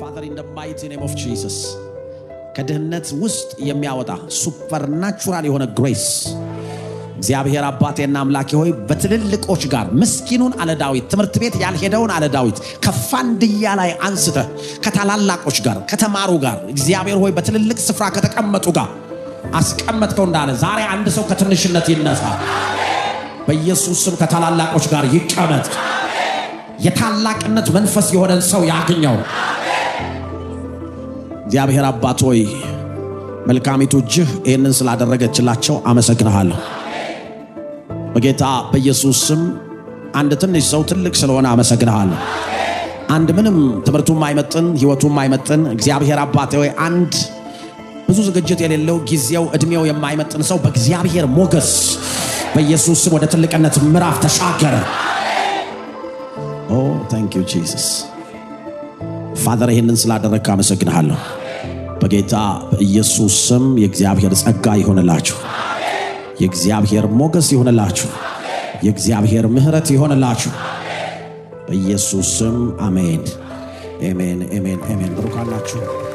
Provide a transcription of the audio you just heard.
ፋዘር ኢን ማይቲ ኔም ኦፍ ጂሰስ ከድህነት ውስጥ የሚያወጣ ሱፐርናቹራል የሆነ ግሬስ እግዚአብሔር አባቴና አምላኬ ሆይ በትልልቆች ጋር ምስኪኑን አለ ዳዊት ትምህርት ቤት ያልሄደውን አለ ዳዊት ከፋንድያ ላይ አንስተ ከታላላቆች ጋር ከተማሩ ጋር እግዚአብሔር ሆይ በትልልቅ ስፍራ ከተቀመጡ ጋር አስቀመጥከው እንዳለ ዛሬ አንድ ሰው ከትንሽነት ይነሳ በኢየሱስ ከታላላቆች ጋር ይቀመጥ የታላቅነት መንፈስ የሆነን ሰው ያግኘው እግዚአብሔር አባት ሆይ መልካሚቱ እጅህ ይህንን ስላደረገችላቸው አመሰግንሃለሁ። በጌታ በኢየሱስ ስም አንድ ትንሽ ሰው ትልቅ ስለሆነ አመሰግንሃለሁ። አንድ ምንም ትምህርቱም አይመጥን ህይወቱም አይመጥን እግዚአብሔር አባት ወይ አንድ ብዙ ዝግጅት የሌለው ጊዜው እድሜው የማይመጥን ሰው በእግዚአብሔር ሞገስ በኢየሱስ ስም ወደ ትልቅነት ምዕራፍ ተሻገረ። ኦ ታንክ ዩ ጂሰስ ፋዘር፣ ይህንን ስላደረግከ አመሰግንሃለሁ። በጌታ በኢየሱስ ስም የእግዚአብሔር ጸጋ ይሆንላችሁ። የእግዚአብሔር ሞገስ ይሆንላችሁ። የእግዚአብሔር ምሕረት ይሆንላችሁ። በኢየሱስ ስም አሜን። ኤሜን፣ ኤሜን፣ ኤሜን። ብሩካላችሁ።